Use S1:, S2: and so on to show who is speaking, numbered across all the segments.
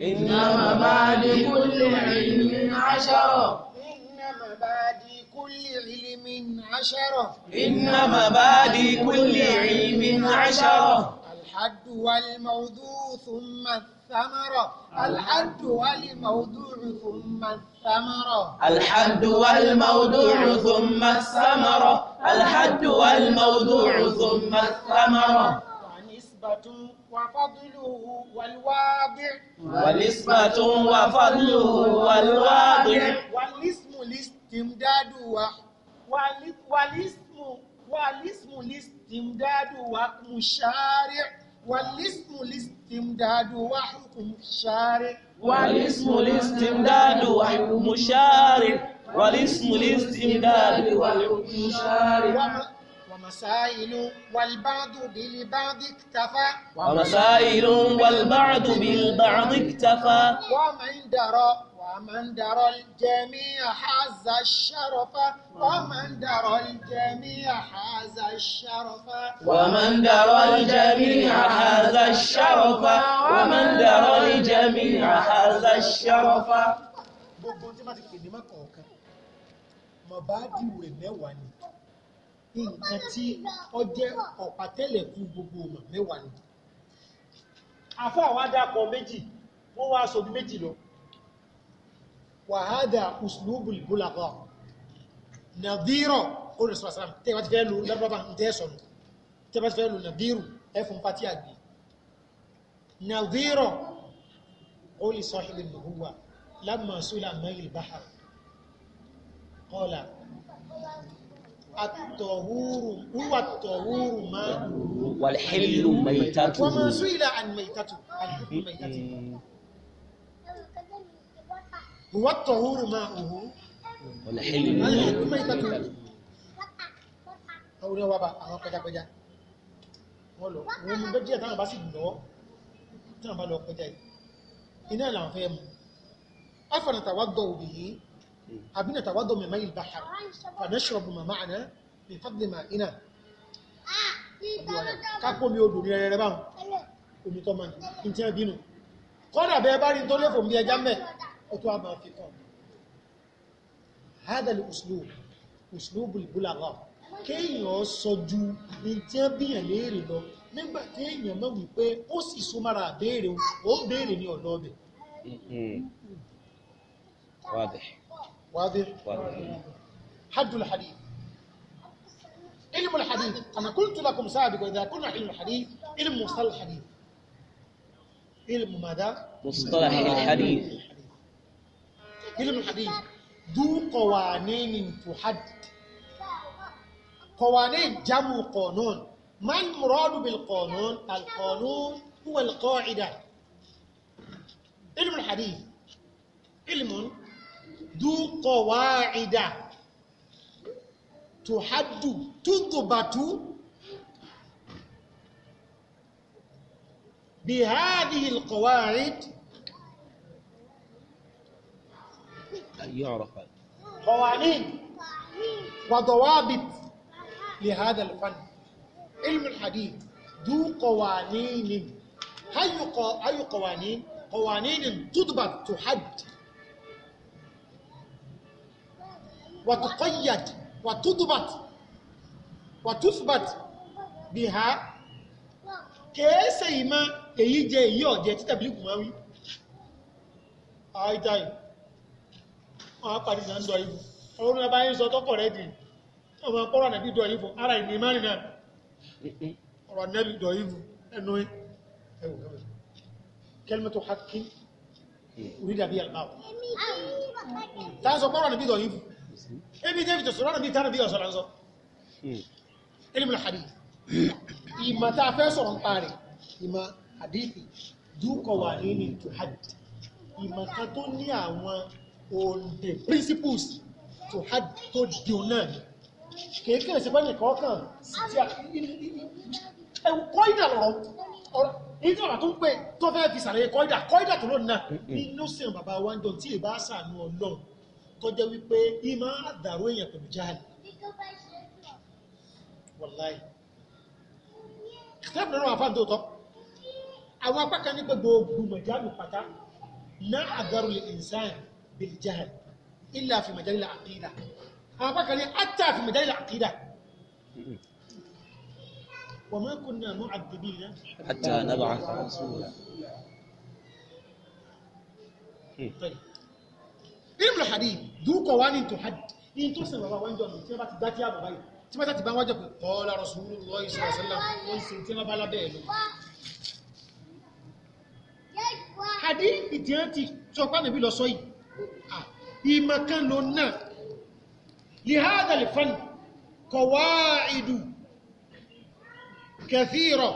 S1: إنما بعد كل علم عشرة إنما بعد كل علم عشرة إنما بعد كل علم عشرة الحد والموضوع ثم الثمرة الحد والموضوع ثم الثمرة الحد والموضوع ثم الثمرة الحد والموضوع ثم الثمرة ونسبة وفضله والواضع والنسبة وفضله والواضع والاسم الاستمداد والاسم والاسم الاستمداد وحكم الشارع والاسم الاستمداد وحكم الشارع والاسم الاستمداد وحكم الشارع والاسم الاستمداد وحكم الشارع ومسائل والبعض بالبعض اكتفى ومسائل والبعض بالبعض اكتفى ومن درى ومن درى الجميع حاز الشرف ومن درى الجميع حاز الشرف ومن درى الجميع حاز الشرف ومن درى الجميع حاز الشرف gbogbo tí wọ́n nǹkan tí ó jẹ́ ọ̀pá tẹ́lẹ̀ kú gbogbo ọmọ mẹ́wàá ni afọ́ àwọn adákọ̀ méjì wọ́n wá aṣojú méjì lọ wàhádà uslubul bulagha nàdírọ̀ olùsọ̀sọ̀rọ̀ tẹ́wà ti fẹ́ lò lọ́rọ̀bá tẹ́sọ̀nù tẹ́wà ti fẹ́ lò nàdírù ẹfùn pàtí àgbì nàdírọ̀ olùsọ̀hìlì nùhúwà lámàṣúlà mẹ́rin báhà kọ́lá àtọ̀húrù wúwà tọ̀húrù máa wàlhílù mẹ́tàtù wọ́n máa sún ilẹ̀ àni mẹ́tàtù wúwà tọ̀húrù máa òhú wàlhílù mẹ́tàtù àwọn ọwọ́ bá àwọn pẹjapẹja wọ́n lọ wọ́n mú bẹ́jì àtàwọn bá sì lọ tí wọ́n bá lọ pẹja iná làwọn fẹ́ mú afọ̀nàtàwà gọ̀ òbí yìí àbí nàtàwádọ́ mẹ́mẹ́ ìlú bàhà fànẹ́ṣọ̀bù màmá àná ní fàbílì mà iná kápò mi odò ní rẹ̀rẹ̀ báwọn omi tó máa ń tí wọ́n bínú kọ́dà bẹ́ẹ̀ bá rí tó lẹ́fọ̀ bí ẹja mẹ́ ó tó a máa fi kàn hádàlì uslub uslub ìbúlàwà kéèyàn sọjú ní tí wọ́n bíyàn léèrè lọ nígbà tí èèyàn wípé ó sì so mara àbéèrè ó béèrè ní ọ̀dọ́ ọbẹ̀. wádìí واضح؟ حد الحديث علم الحديث أنا قلت لكم سابقا إذا كنا علم الحديث علم مصطلح الحديث علم ماذا؟ مصطلح الحديث علم الحديث ذو قوانين تحدد قوانين جمع قانون ما المراد بالقانون؟ القانون هو القاعدة علم الحديث علم ذو قواعد تحد تضبط بهذه القواعد يعرف قوانين وضوابط لهذا الفن علم الحديث ذو قوانين هاي قوانين قوانين تضبط تحد وتقيد وتضبط وتثبت بها kèése ìmọ̀ èyí jẹ èyí ọ̀jẹ́ tí tàbí kùn máa wí àìta ì wọ́n á pàdé ìjà ń dọ̀ ìbò ọlọ́run náà bá ń sọ tọ́pọ̀ rẹ̀ dì ọmọ pọ́rọ̀ nàbí dọ̀ ìbò ara ìní márì náà ọ̀rọ̀ nàbí dọ̀ ìbò ẹnu kẹlmẹ́tò hakim orí dàbí àgbà táà sọ pọ́rọ̀ nàbí dọ̀ ìbò ebi tẹ́ fi tòṣòrò àbí tánàbí ọ̀sọ̀rọ̀ sọ hmm. ilmul hadith ìmọ̀ tá a fẹ́ sọ̀rọ̀ ń parẹ̀ ìmọ̀ hadithi dúkọ̀ wà nínú ètò hadith ìmọ̀ kan tó ní àwọn òǹdè principles to hadith tó di òun náà ni kèékèé sí pẹ́ẹ́nì kọ̀ọ̀kan ẹ̀kọ́ ìdà lọ́rọ̀ ìdí ọ̀nà tó ń pè tó fẹ́ fi sàlẹ̀ kọ́ìdà kọ́ìdà tó lónìí náà inú hmm, hmm. sí bàbá wa ń jọ tí ì bá sàánú tó jẹ́ wípé ìmọ̀ àdàrú èèyàn pẹ̀lú jáàlì. wàláì kìtàbí náà wà fáwọn tó tọ́ àwọn apá kan ní pé gbogbo mọ̀jáàlì pátá náà àdàrú lè ìnsàn bẹ̀lú jáàlì ilà fi mọ̀jáàlì là àkìdà àwọn apá kan ní àtà fi mọ̀jáàlì là àkìdà. وما كنا معذبين حتى نبعث رسولا طيب ilmu hadith dúkọ̀ wá ní tó hadith ní tó sẹ̀ bàbá wájọ́ mi tí wọ́n bá ti dákí àbàbá yìí tí wọ́n bá ti bá wájọ́ pé kọ́ọ́lá Rasulullah sallallahu alaihi wasallam wọ́n sì tí wọ́n bá lábẹ́ ẹ̀ lọ. hadith ìdírántì tí ọ̀pá nàbí lọ sọ yìí ìmọ̀ kan ló náà lihada lè fan qawaidu kathira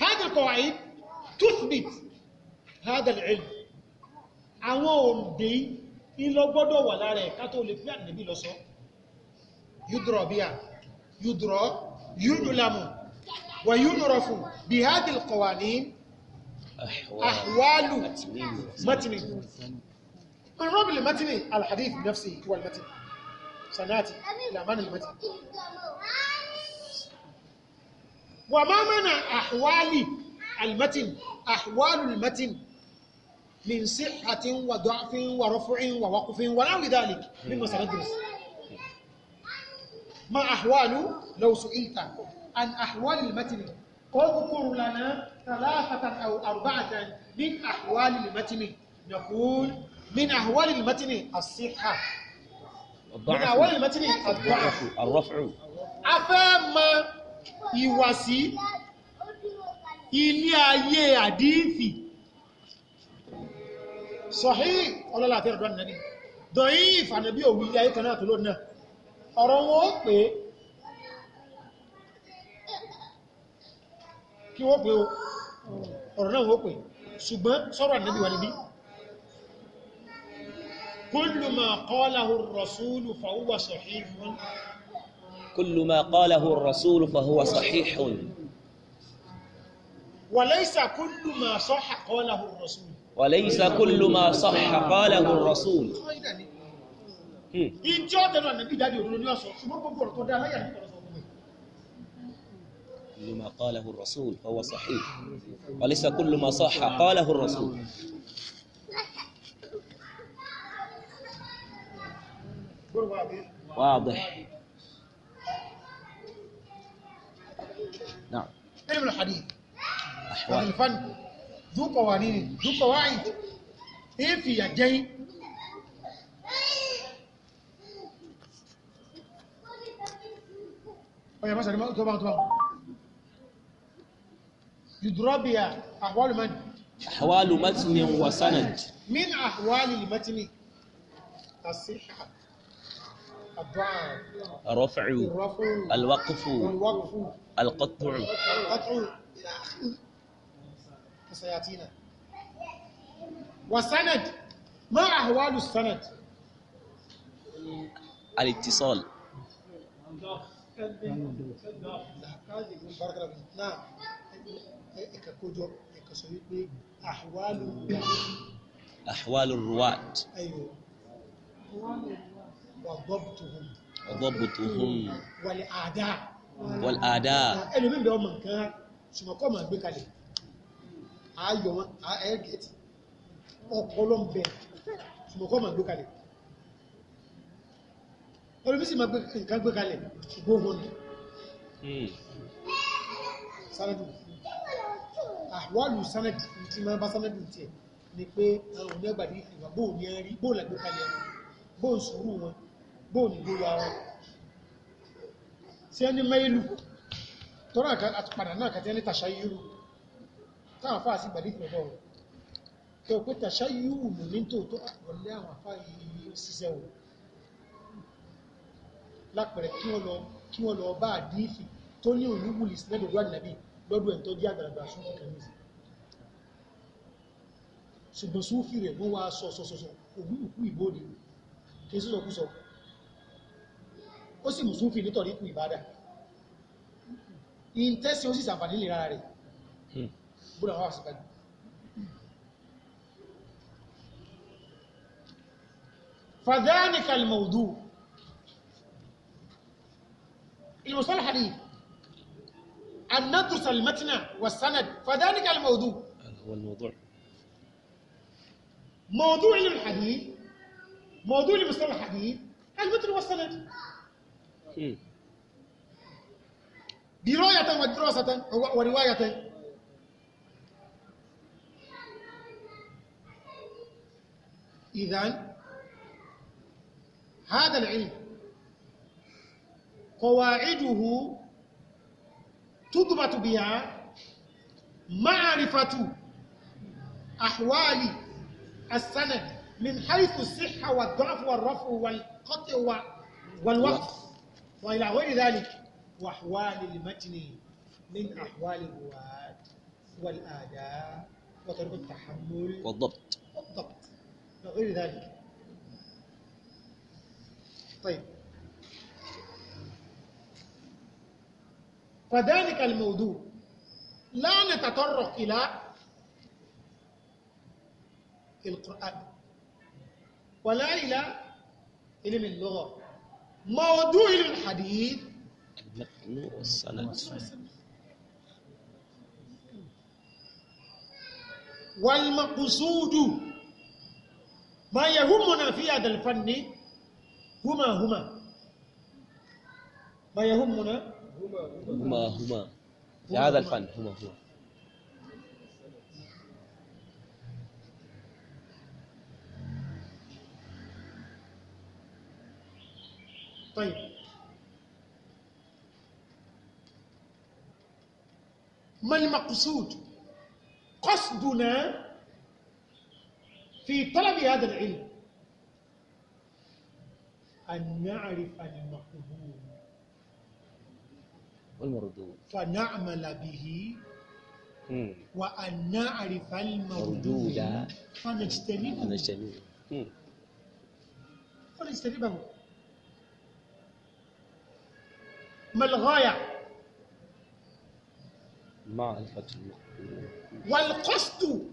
S1: hada qawaid tuthbit hada al-ilm àwọn òǹdè ńlọ gbọ́dọ̀ wà lára ẹ̀ ká tó lè pé ànábì lọ sọ yúdùrọ̀ bíà yúdùrọ̀ yúdùlámù wà yúdùrọ̀ fún bí hádìl kọ̀wà ní àwálù mátìní rọ́bìlì mátìní alhadith nafsi wal mátìní sanati lamani mátìní wà máa mẹ́nà àwálù almatin من صحة وضعف ورفع ووقف ونحو ذلك مما سندرس ما أحوال لو سئلت عن أحوال المتن قد اذكر لنا ثلاثة أو أربعة من أحوال المتن نقول من أحوال المتن الصحة من أحوال المتن الضعف الرفع أفهم ìwàsí ilé ayé àdífì صحيح ولا لا تيرد ضعيف عن النبي وهو يا كنا تلونا ارون او بي كي هو بي ارون هو بي سبحان كل ما قاله الرسول فهو صحيح كل ما قاله الرسول فهو صحيح وليس كل ما صح قاله الرسول وليس كل ما صح قاله الرسول كل hmm. ما قاله الرسول فهو صحيح وليس كل ما صح قاله الرسول واضح نعم علم الحديث أحوال الفن ذو قوانين ذو قواعد ايه في يدي يا مثلا طبعا طبعا يضرب يا احوال من احوال متن وسند من احوال المتن الصحه الضعف الرفع الوقف الوقف القطع القطع الى اخره سيأتينا والسند ما احوال السند الاتصال نعم. أحوال أحوال الرواة أيوه. وضبطهم وضبطهم والأعداء والأعداء ayọ̀ wọn ẹ̀ẹ́gẹ̀ẹ́tì ọ̀pọ̀lọ́mbẹ̀ ṣùgbọ́n ma gbé kalẹ̀ olùbísì ma nǹkan gbé kalẹ̀ ṣùgbọ́n wọn ni hmm. sanadu àwọn ah, sanadu tí ma bá sanadu tiẹ̀ ni pé àwọn oní ẹgbàdí ìfìwà bóò ní ẹrí bóò lẹ́gbẹ́ kalẹ̀ wọn bóò sùúrù wọn bóò ní gbé wa wọn sí ẹni mẹ́ìlú tọ́rọ àtàpàdà náà kàtẹ́ ní tàṣà yìí táwọn afá sí gbàdí ìpínlẹ̀ wọn tó pé tàṣà yìí wù mí nítòótọ́ wọlé àwọn afá yìí ṣiṣẹ́ wọn lápẹ̀rẹ̀ kí wọ́n lọ bá àdífì tó ní òyìnbó lè sílẹ̀ lọ́dọ̀ ànàbí lọ́dọ̀ ẹ̀ tó jẹ́ àgbàlagbà sún fún kàmí ṣùgbọ́n súnfì rẹ̀ wọ́n wá sọ sọsọsọ òwú ìkú ìbóde kí sọ́sọkúsọ ó sì mú súnfì nítorí ikú ìbádà ìntẹ́sí ó sì sàǹfàní lè rárá rẹ̀ hmm. فذلك الموضوع المصالحة دي أن ندرس المتن والسند فذلك الموضوع هو الموضوع موضوع الحديث موضوع المصطلح الحديث المتن والسند دراية ودراسة ورواية إذا هذا العلم قواعده تضبط بها معرفة أحوال السنة من حيث الصحة والضعف والرفع والقطع والوقف وإلى غير ذلك وأحوال المتن من أحوال الرواة والآداء وطرق التحمل والضبط والضبط وغير ذلك طيب فذلك الموضوع لا نتطرق إلى القرآن ولا إلى علم اللغة موضوع الحديث المتن والسند والمقصود ما يهمنا في هذا الفن هما هما ما يهمنا هما هما في هذا الفن هما هما طيب ما المقصود قصدنا في طلب هذا العلم أن نعرف المقبول والمردود فنعمل به وأن نعرف المردود فنجتنبه فنجتنبه ما الغاية؟ معرفة المقبول والقصد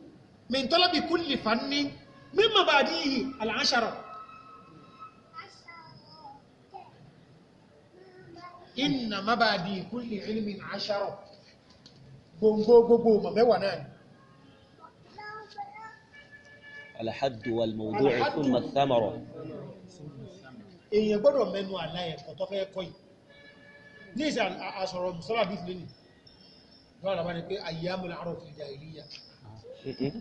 S1: من طلب كل فن من مبادئه العشرة إن مبادئ كل علم عشرة بومبو بومبو ما بيوانا الحد والموضوع الحد ثم الثمرة èèyàn gbọ́dọ̀ mẹ́nu àlá ẹ̀kọ́ tó fẹ́ kọ́ yìí ní ìsẹ̀ àṣọ̀rọ̀ mùsọ́lá bí fìlẹ̀ nì lọ́wọ́ àlàbá ni pé ayyamul arọ̀ fil jahiliya ah, eh, eh.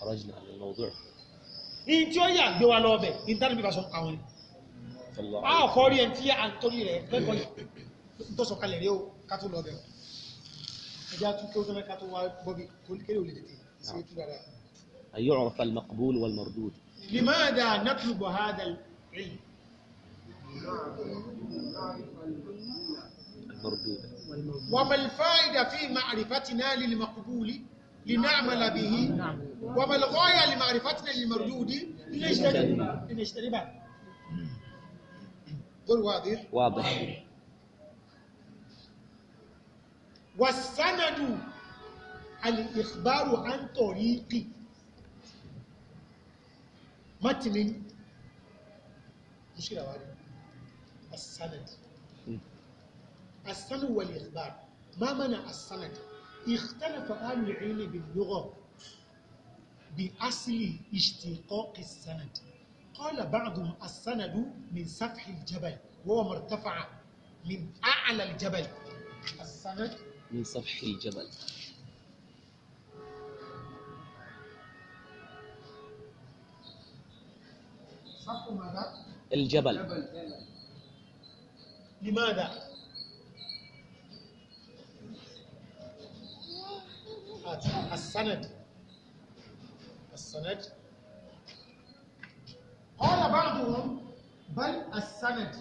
S1: خرجنا عن الموضوع ان تويا جوا لوبه ان تربي باسو قاوي الله اه فوري ان تيا ان توري ري بكوي انتو سو قال ريو كاتو لوبه جا تو تو كاتو بوبي كل كيلو ليتي سي تو دارا اي يعرف المقبول والمردود لماذا نطلب هذا العلم وما الفائده في معرفتنا للمقبول لنعمل به وما الغاية لمعرفتنا للمردود لنجتنبه لنجتنبه قل واضح واضح والسند الإخبار عن طريق متن مشكلة واحدة السند السند والإخبار ما معنى السند؟ اختلف أهل العلم باللغة بأصل اشتقاق السند قال بعضهم السند من سفح الجبل وهو مرتفع من أعلى الجبل السند من سفح الجبل سفح ماذا؟ الجبل, الجبل. لماذا؟ السند السند قال بعضهم بل السند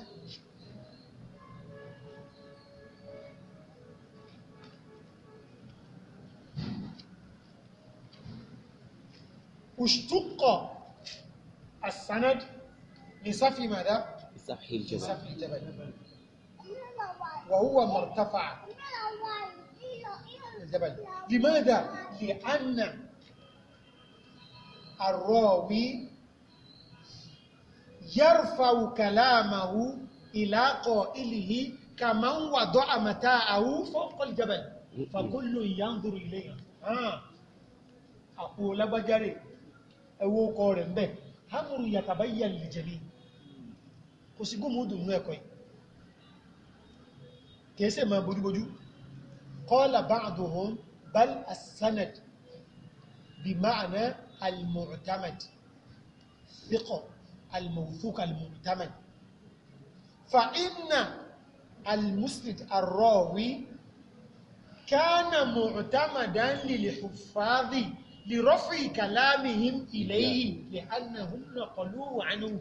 S1: اشتق السند لصفي ماذا؟ لصفي الجبل الجبل وهو مرتفع الجبل لماذا؟ لأن الراوي يرفع كلامه إلى قائله كمن وضع متاعه فوق الجبل فكل ينظر إليه ها أقول بجري أو قول به أمر يتبين للجميع kò sí gómìnà òdùnú ẹ̀kọ́ yìí kìí sẹ́ قال بعضهم بل السند بمعنى المعتمد ثقة الموثوق المعتمد فإن المسند الراوي كان معتمدا للحفاظ لرفع كلامهم إليه لأنهم نقلوا عنه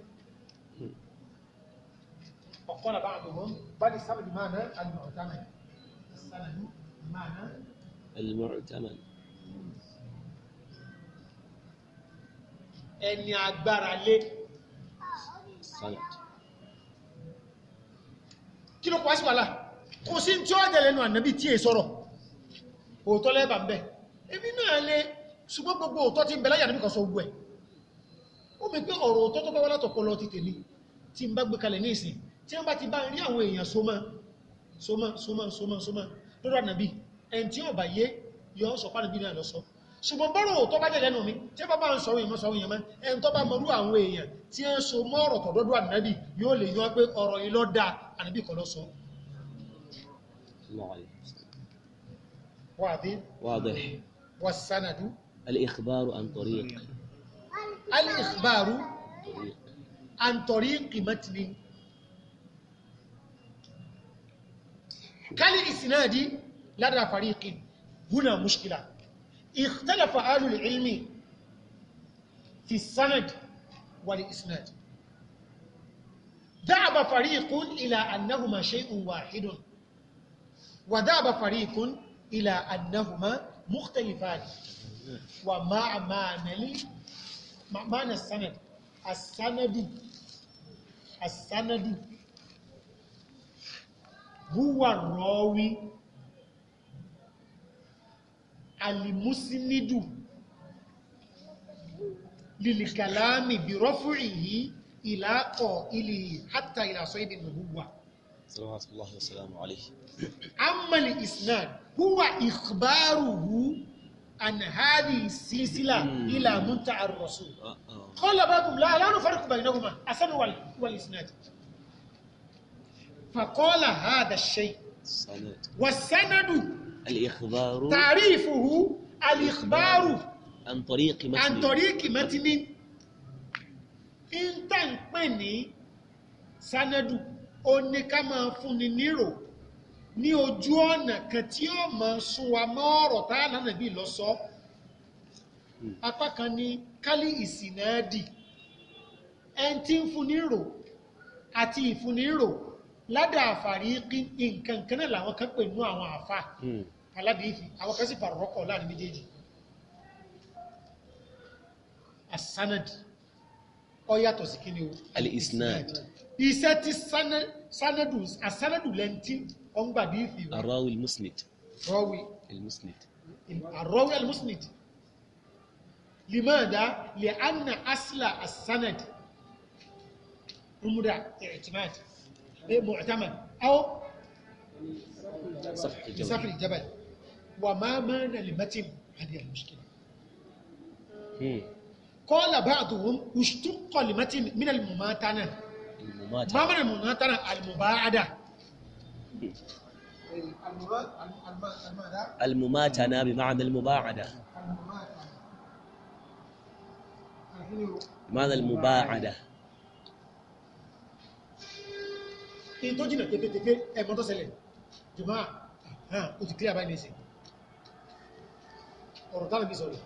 S1: وقال بعضهم بل السند بمعنى المعتمد السند المعتمد ẹni agbára lé sanad kí ló pàṣẹ wàhálà kò sí tí ó jẹ́lẹ̀ nù ànábì tí è sọ̀rọ̀ òótọ́ lẹ́bàá ń bẹ̀ èmi náà lé ṣùgbọ́n gbogbo òótọ́ ti ń bẹ láyà níbi kan sọ gbogbo ẹ̀ ó mi pé ọ̀rọ̀ òótọ́ tó bá wá látọ̀pọ̀ lọ ti tèmi tí ń bá gbé kalẹ̀ ní ìsìn tí wọ́n bá ti bá rí àwọn èèyàn sọmọ sọmọ sọmọ sọmọ sọmọ lọ́dọ̀ ànàbí ẹni tí ọba yé yọ sọ pa ànàbí náà lọ sọ ṣùgbọ́n bọ́rọ̀ tó bá jẹ́ lẹ́nu mi tí ó bá bá ń sọ òyìnbó sọ òyìnbó ẹni tó bá mọrú àwọn èèyàn tí ó ń so mọ́ ọ̀rọ̀ tọ̀dọ́dọ́ ànàbí yóò lè yọ pé ọ̀rọ̀ yìí dá ànàbí kọ́ lọ sọ. واضح والسند الإخبار عن طريق الإخبار عن طريق متن كالإسناد لدى فريق هنا مشكلة اختلف أهل العلم في السند والإسناد ذهب فريق إلى أنهما شيء واحد وذهب فريق إلى أنهما مختلفان وما معنى معنى السند السند السند huwa rọ́wí alimusinidu lilikalami bi rọ́fúrìhì ìlà ọ̀ ilé hátà ìlàsọ ibi nùhúwà salawatullahi wasalamu alayhi amma li isnad huwa ikhbaruhu عن هذه السلسلة إلى منتهى الرسول قال بعضهم لا لا نفرق بينهما أسن والإسناد فقال هذا الشيء والسند الإخبار تعريفه الإخبار عن طريق متن عن طريق متن ìntà ń pè ní sanadu ó ní ká máa fúnni nírò ní ojú ọ̀nà kan tí ó máa sún mọ́ ọ̀rọ̀ tá bí lọ hmm. apá kan ní kálí ìsìnáàdì ẹni tí ń fúnni rò àti ìfúnni rò ládà àfàrí nǹkan kan náà làwọn kan pè nú àwọn àfà hmm. aládìífì àwọn kan sì fàrọ̀rọ̀kọ̀ láàrin méjèèjì asanad ó yàtọ̀ sí kíni o al-isnad iṣẹ́ tí sanadu asanadu lẹ́ntì ọ̀ngbàdì ìfì wọn. arawi al-musnid. rawi al-musnid. arawi al-musnid. limaada li anna asla asanad umuda i'timad. إيه، معتمد أو سفح الجبل, الجبل. وما مانع لمتن هذه المشكلة قال بعضهم اشتق لمتن من المماتنة المماتنة ما من المماتنة المباعدة المماتنة بمعنى المباعدة المماتنة بمعنى المباعدة in tó jìnà tẹ́fẹ́tẹ́fẹ́ ẹ̀mọ́ tó ṣẹlẹ̀ jùmọ́ àhán ó ti clear by nation ọ̀rọ̀ tánà bí sọ̀rọ̀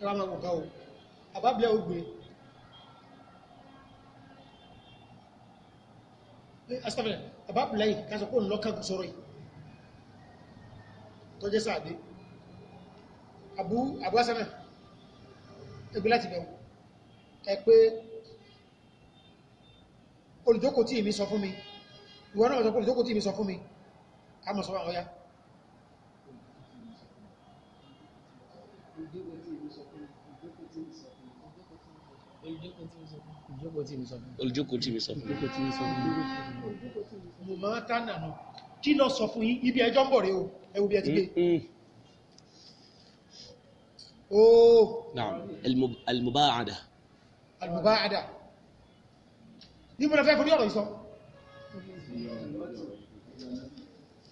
S1: ẹ̀rọ ọ̀gá o àbábíà ògbé asọ́fẹ́ àbábíà yìí kásọ̀kó lọ́kàn sọ̀rọ̀ yìí tó jẹ́ sáàdé àbú àbúrásánà ẹgbẹ́ láti bẹ̀rù ẹ pé olùjókòó tí mi sọ fún mi ìwọ náà sọ pé olùjókòó tí mi sọ fún mi a mọ̀ sọ àwọn ya olùjókòó tí mi sọ fún mi mọ̀ tánà náà kí lọ sọ fún yín ibi ẹjọ́ ń bọ̀ rẹ̀ o ẹwù bí ẹ ti gbé ooo al-muba'ada alìmùbáadà ní mọ́nà fẹ́ fún ní ọ̀rọ̀ ìsọ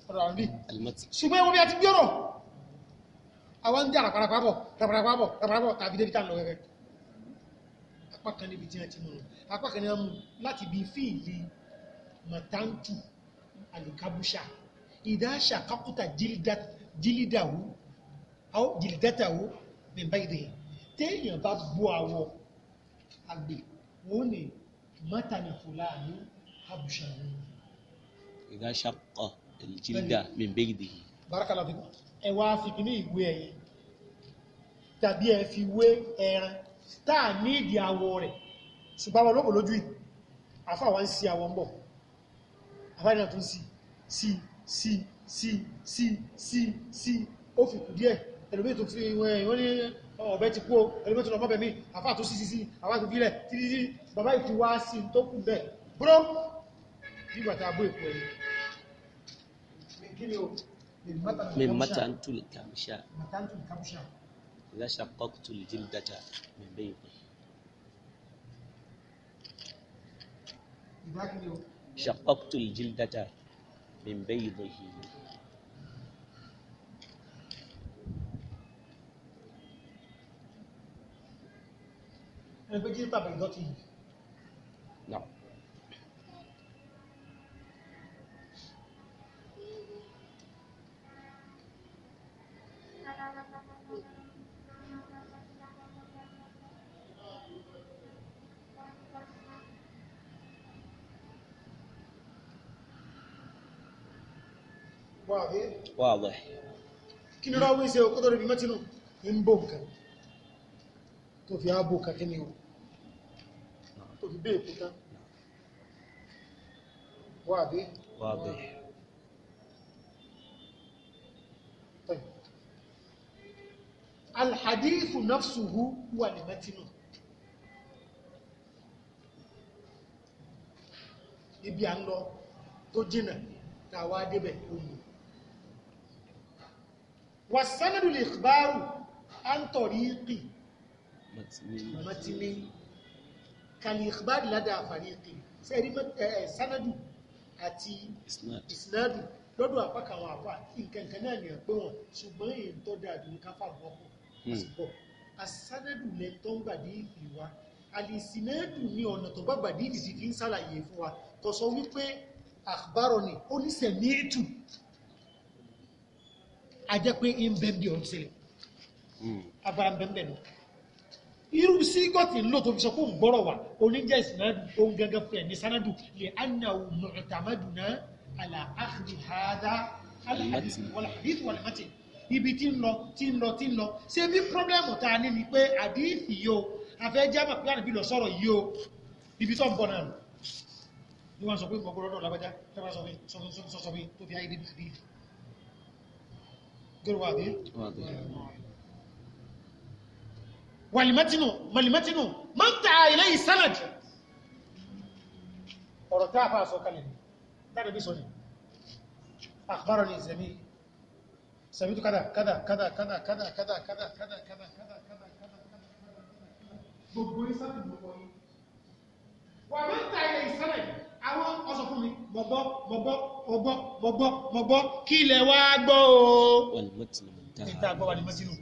S1: ọ̀rọ̀ àrùn bí ṣùgbọ́n ẹwọ́n bí a ti bí ọ̀rọ̀ àwọn ń dí àràpàràpàbọ̀ ràpàràpàbọ̀ ràpàràpàbọ̀ tàbí débi tà lọ rẹ̀ apá kan níbi tí a ti mú apá kan ní a mú láti bí fíìlì matantu alukabusha ìdáṣà kákúta jílídàwó jìlídàtàwó bẹ̀bá ìdè téèyàn bá bú àwọ̀ àgbẹ̀ wọ́n ní mọ́tàní fúlàní àbùṣàwọ̀. ìdá ṣàkọ ìjìlídà mẹ́bẹ́gìdì. bárakàlà fún ẹ wá fi kí ní ìwé ẹ̀yẹ tàbí ẹ fi wé ẹran tá a ní ìdí awọ rẹ̀ ṣùgbọ́n àwọn olóko lójú yìí àfa wa ń si awọ ń bọ̀ àfa ìdá tó ń si si si si si si si ó fi kù díẹ̀ ẹlòmíì tó fi wọ́n ní ọ̀bẹ ti kú o ẹlẹ́gbẹ́ tó lọ mọ́bẹ̀ mi àfáà tó sísí sí àwọn àgbègbè títí tí bàbá ìfi wá sí tó kù bẹ́ẹ̀ búrọ́ nígbà tá a bó èkó ẹ̀yìn min matantul kamsha la shaqqaqtul jildata min bayni shaqqaqtul jildata min baydihi Ele pediu também, Dotinho. Não. Walle. Kinurawi se o kodori bimati no imbuka. Tofia buka kenyu. ìbé ìkúta wàbí wàbí alhadithu nafsuhu wà ní mẹ́tínù ibi à ń lọ tó jìnà tàwa débẹ̀ omi wàsánàdùlẹ̀ ìgbárù àǹtọ̀rí ìpì mẹ́tínù kàlíkbáàdì ládà àfàríkì sẹ́rí sanadu àti isnadu lọ́dọ̀ àpákà àwọn àpá nkankan náà ni à pé wọn ṣùgbọ́n èyí tó dáa ju ká fà wọ́n pọ̀ àsìkò hmm. asanadu lẹ tó ń gbàdí ìfì wa alìsínádù ní ọ̀nà tó bá gbàdí ìfì fi ń sàlàyé fún wa kò sọ wípé àkbárọ̀ ni ó ní sẹ̀mí ètù a jẹ́ pé ń bẹ́ẹ̀ bí ọ̀n náà irú sígọ́tì ló tó fi sọ kó ń gbọ́rọ̀ wà oníjẹ́ ìsìnàdù ohun gangan fún ẹ̀ní sanadu lè anáwó mọ̀tàmádùná àlàáhìrì hádá alhadith wàlhàtì ibi tí ń lọ tí ń lọ tí ń lọ ṣe bí pírọ́blẹ́mù tá a ní ni pé àdífì yìí o afẹ́ jábà pé àdìbí lọ sọ̀rọ̀ yìí o ibi tó ń bọ̀ náà ni wọ́n sọ pé gbogbo lọ́dọ̀ lágbájá tẹ́wọ́n sọ wàlìmẹ́tìnù màlìmẹ́tìnù máa ń ta ilé ìsánàjì ọ̀rọ̀ tí a fà sọ kalẹ̀ láti bí sọ ni àkbárọ̀ ni ìzẹ̀mí sẹ̀mítù kádà kádà kádà kádà kádà kádà kádà kádà kádà kádà kádà gbogbo ìsáàtì gbogbo yìí wà máa ń ta ilé ìsánàjì àwọn ọsọ fún mi bọ̀bọ̀ bọ̀bọ̀ bọ̀bọ̀ bọ̀bọ̀ bọ̀bọ̀ kí ilẹ̀ wá gbọ́ o ìta gbọ́ wàlìmẹ́tìnù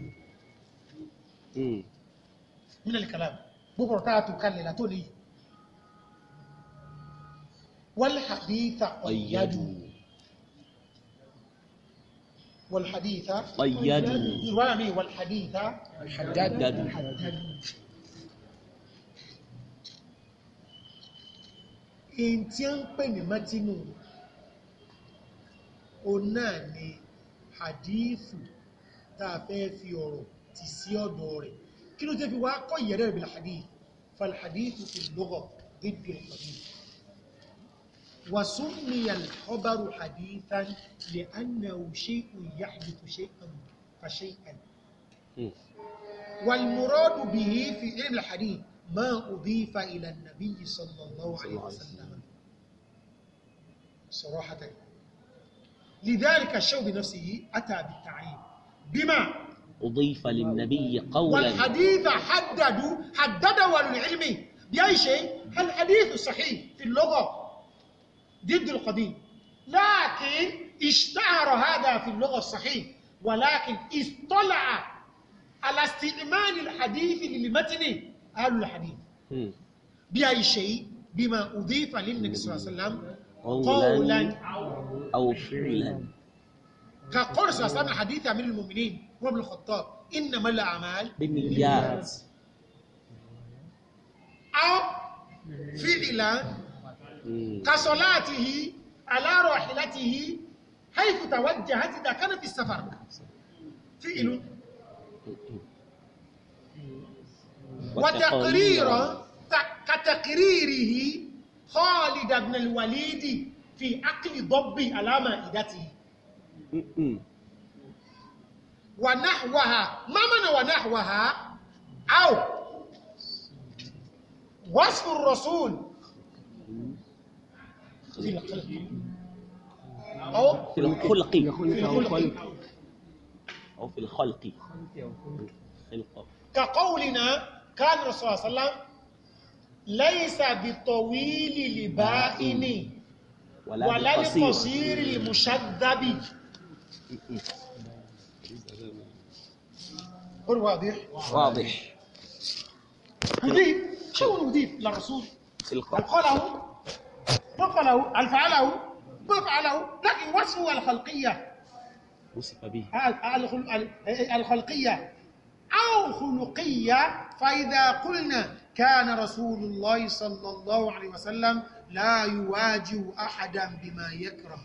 S1: mílẹ̀ kalam gbogbo ọ̀tá àtòkalẹ̀ látó lè والحديث قيدوا والحديث قيدوا روامي والحديث حددوا in tí a ń pè ní mátínú òun náà ni hadithu tá a fi ọ̀rọ̀ tì sí ọ̀dọ̀ rẹ̀ kí ló jẹ́ واقع wá بالحديث فالحديث في اللغة ضد الحديث وسمي الخبر حديثا لأنه شيء يحدث شيئا فشيئا والمراد به في علم الحديث ما أضيف إلى النبي صلى الله عليه وسلم صراحة لذلك الشيء بنفسه أتى بالتعيين بما أضيف للنبي قولا والحديث حددوا حددوا للعلم بأي شيء الحديث صحيح في اللغة ضد القديم لكن اشتهر هذا في اللغة الصحيح ولكن اطلع على استعمال الحديث للمتن أهل الحديث بأي شيء بما أضيف للنبي صلى الله عليه وسلم قولا أو فعلا كقول صلى الله عليه وسلم حديث أمير المؤمنين هو ابن الخطاب إنما الأعمال بالنيات أو فعلا كصلاته على راحلته حيث توجهت إذا كان في السفر فعل وتقريرا كتقريره خالد بن الوليد في أكل ضب على مائدته ونحوها ما معنى ونحوها أو وصف الرسول في الخلق أو في الخلق أو في الخلق كقولنا كان الرسول صلى الله عليه وسلم ليس بطويل لبائن ولا, بقصير المشذب قل واضح واضح مديب شو مديب للرسول قاله فقله الفعله فعله لكن وصفه الخلقية وصف به إيه، الخلقية أو خلقية فإذا قلنا كان رسول الله صلى الله عليه وسلم لا يواجه أحدا بما يكره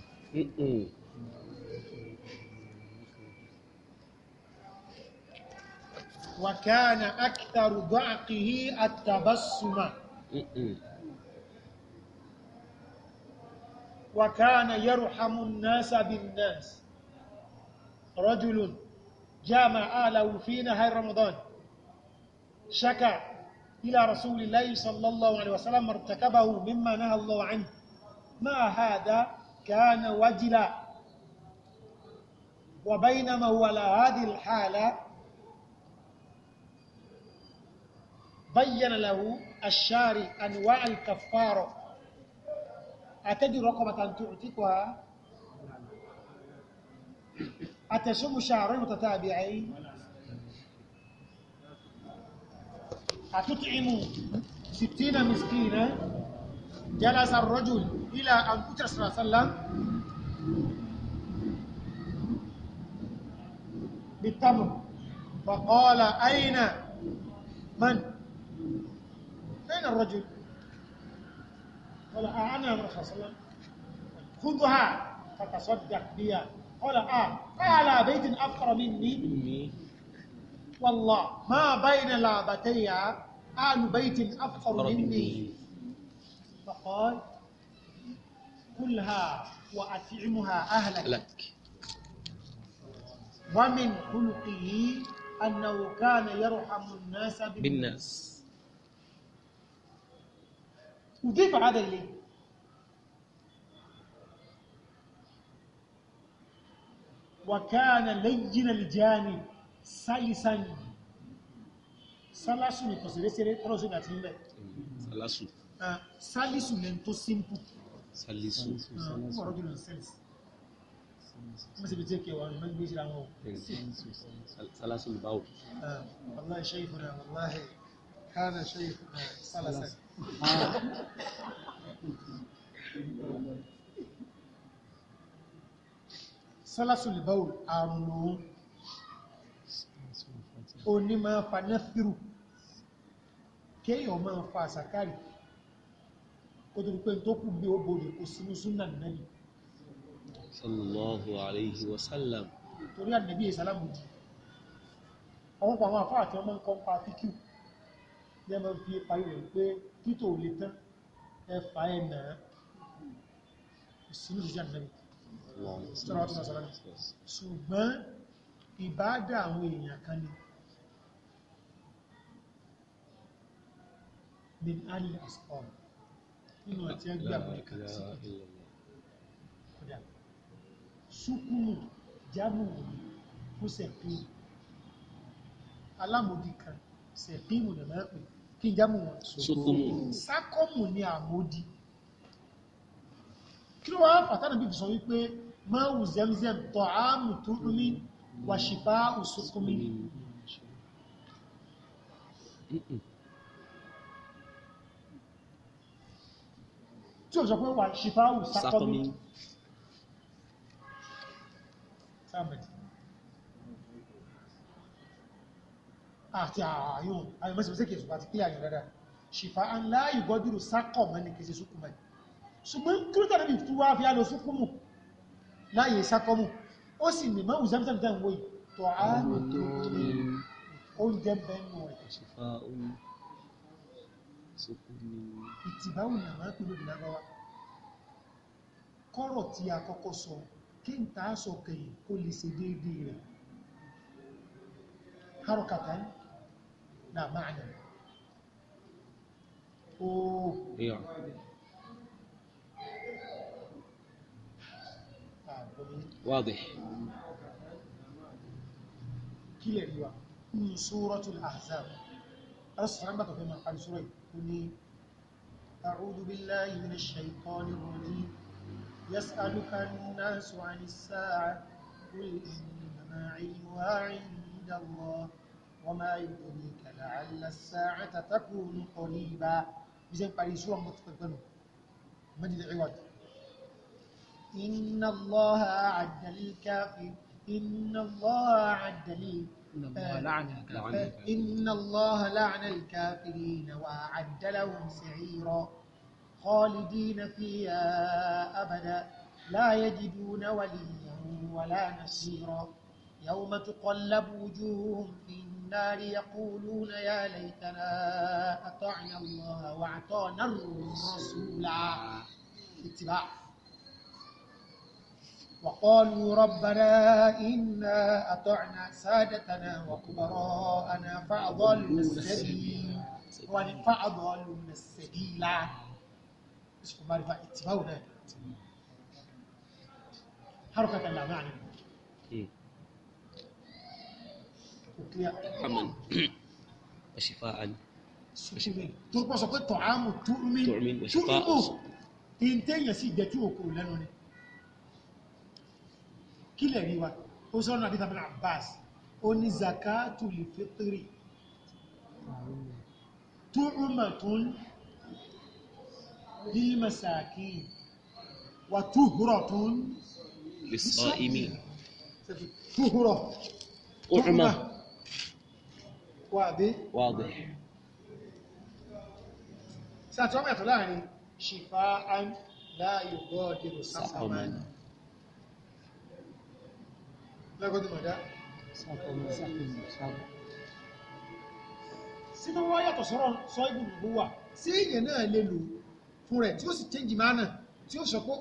S1: وكان أكثر ضعقه التبسم وكان يرحم الناس بالناس رجل جامع آله في نهاية رمضان شكى إلى رسول الله صلى الله عليه وسلم ارتكبه مما نهى الله عنه ما هذا كان وجلا وبينما هو على هذه الحالة بين له الشارع أنواع الكفارة أتدي رقبة تؤتكها اتسم شهرين متتابعين أتطعم ستين مسكينا جلس الرجل إلى أن أتى صلى الله عليه وسلم بالتمر فقال أين من أين الرجل؟ قال آه، أنا الرسول صلى الله عليه وسلم خذها فتصدق بها قال آه قال بيت أفقر مني والله ما بين لابتيها آل بيت أفقر مني فقال كلها وأطعمها أهلك لك. ومن خلقه أنه كان يرحم الناس بالناس يضيف هذا إليه وكان لين الجاني سلسا sálásù ni kọ̀sẹ̀rẹ́sẹ̀rẹ́ ọlọ́sẹ̀ àti ilẹ̀ sálásù sálásù lẹ́n tó símpù sálásù ọ̀rọ̀ jùlọ sẹ́lẹ̀sì wọ́n sì bí tí kẹwàá rẹ̀ mẹ́gbé sí àwọn sálásù báwò sálásùlì báwò àrùn òun òní máa fa nẹ́fìrù kéèyàn máa fa àsàkárì kó tó pé tó kù bí ó bòrè kò sínú súnà nẹ́lì sallallahu alayhi wa sallam torí ànàbí ìsàlámù jù àwọn àwọn àfáà tí wọ́n máa ń kọ́ pa fíkíù jẹ́ mọ́ fi parí rẹ̀ pé títò lè tán ẹfà ẹ̀nà ìsinú ṣiṣẹ́ àtìlẹ́bì ṣùgbọ́n ìbádà àwọn èèyàn kan ni min ali asfọ́n nínú ọ̀tí ẹgbẹ́ àmúríkà sí kódà ṣúkúrù fún sẹ̀pín alámòdì kan sẹ̀pín mùnà kí n jámù wọn sokomu sákọmù ni àmódi kí ló wá pàtàkì bí sọ wípé máa wù zemzem tọ́ àmù tó rúmi wà ṣìfà òsokomi tí ó sọ pé wà ṣìfà òsákọmi àti àyùn àyùn mẹ́sàn-án kìí ṣùgbọ́n àti pé àyùn dáadáa ṣìfà ńlá ìgbọ́dúró sákọ̀ mẹ́ni kìí ṣe súnkùmọ̀ ṣùgbọ́n kírítà níbi tó wá fi àlọ́ súnkùmù láàyè sákọ́mù ó sì ní mọ́ wùsẹ́mùsẹ́mù tẹ́ ń wòye tó àánú tó rí oúnjẹ bẹ́ẹ̀nù rẹ̀ ṣìfà oní sókùnmù ìtìbáwò ni àwọn akpẹ́lẹ́ òbí lágbáwá kọ́rọ̀ tí a kọ́kọ́ sọ kí n ta نعم ما عندنا ايوه واضح كلا ايوه من سورة الأحزاب أصلا عمك في مرحل سورة كني أعوذ بالله من الشيطان الرجيم يسألك الناس عن الساعة قل إنما علمها عند الله وما يدريك لعل الساعة تكون قريبا بزي باريسوا متقدمين مجد عواد إن الله أعد للكافرين إن الله أعد لي إن الله لعن الكافرين إن الله لعن الكافرين وأعد لهم سعيرا خالدين فيها أبدا لا يجدون وليا ولا نصيرا يوم تقلب وجوههم في النار يقولون يا ليتنا أطعنا الله وأعطانا الرسول اتباع وقالوا ربنا إنا أطعنا سادتنا وكبراءنا فأضلنا السبيل فأضلوا السبيل اسمه معرفة اتباعنا حركة اللامعنى إيه. حما وشفاعا تو بو سوكو تعام تؤمن تؤمن وشفاء تنتين يا سيدي تو كو لانوني كيلا ريوا وصلنا حديث ابن عباس اوني زكاة الفطر تعمة للمساكين وتهرة للصائمين تهرة تعمة, تعمة. وب واضح ساتوم يطلعني شفاء لا يغادر سقما لا قد ماذا سقما سقما sínú wọ́n yàtọ̀ sọ́rọ̀ sọ ibùn gbogbo wà sí èyàn náà lè lò fún rẹ̀ tí ó sì tẹ́jì máa náà tí ó sọ pé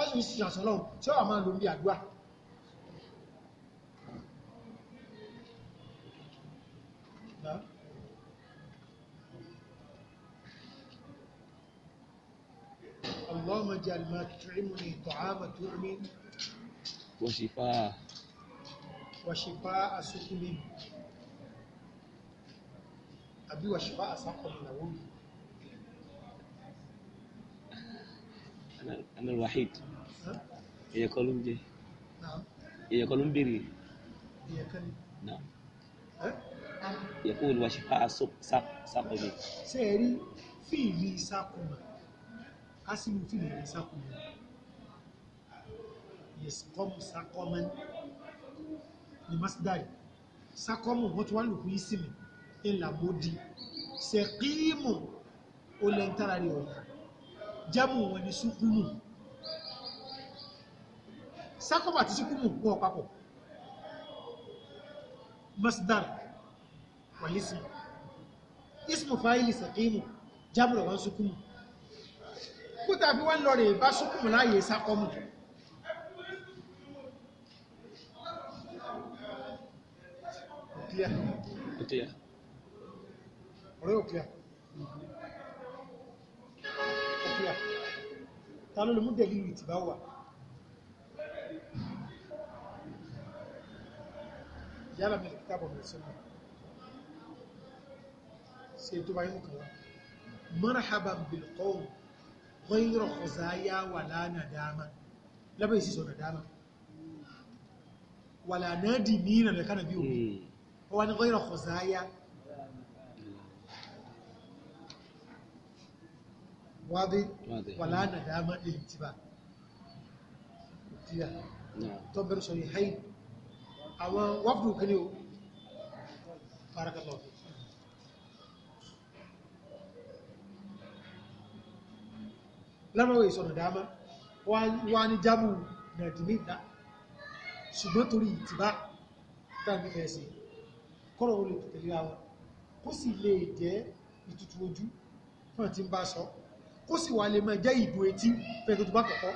S1: ọ́sùn ìsìn àṣọ́lọ́run tí ó wà máa lò ní àdúrà واجعل ما تطعمني طعاما تؤمن وشفاء وشفاء سقم أبي وشفاء سقم نقول أنا أنا الوحيد هي جي. نعم هي كولومبي هي كولومبي نعم يقول وشفاء سقم سقم سيري فيه سقم asi mu firi ne nsa kɔn mu yɛsikɔm sakɔmɛn ne masdar sakɔm wɔtɔ wani ko yi simi ila modi sɛkiimu olɛntara de wɔ jamu wani sukumu sakɔm àti sukumu wɔ papọ̀ masdar wali simi ismu faili sɛkiimu jamu wani sukumu kó tàbí wọ́n lọ rè bá sókùnmù láàyè sákọ́mù ọ̀rẹ́ òkúyà òkúyà ta ló lè mú dẹ̀lú ìtìbá wà yálà mẹ́lẹ̀ kítàbọ̀ mẹ́lẹ̀ sọ́nà sai tuba yi muka marhaban bil qawm غير خزايا ولا ندامة لا بيسي سو ندامة ولا نادمين اللي كان بيهم هو غير خزايا واضح ولا ندامة للانتباه tó bẹ̀rẹ̀ sọ yìí hayi àwọn wàbùdù kan ní o lárọ̀wọ̀ ìsọ̀nà dáama wá ní jámù nàìjíríà ìdá ṣùgbọ́n torí ìtìbá tàbí fẹ́ẹ̀sì kọ́rọ̀ olè tẹ̀lé àwọn kó sì lè jẹ́ ìtùtù ojú fún àti ń bá sọ kó sì wà lè máa jẹ́ ìbò etí fẹ́ẹ̀kọ́ tó bá kọ̀kọ́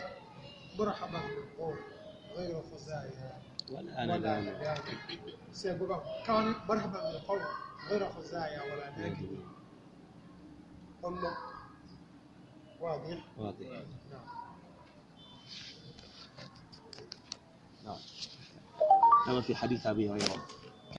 S1: bọ́rọ̀ àbá kọ̀kọ́ ọ̀rọ̀ fọ́sá ìhà wọ́n واضح واضح نعم نعم في حديث أبي هريرة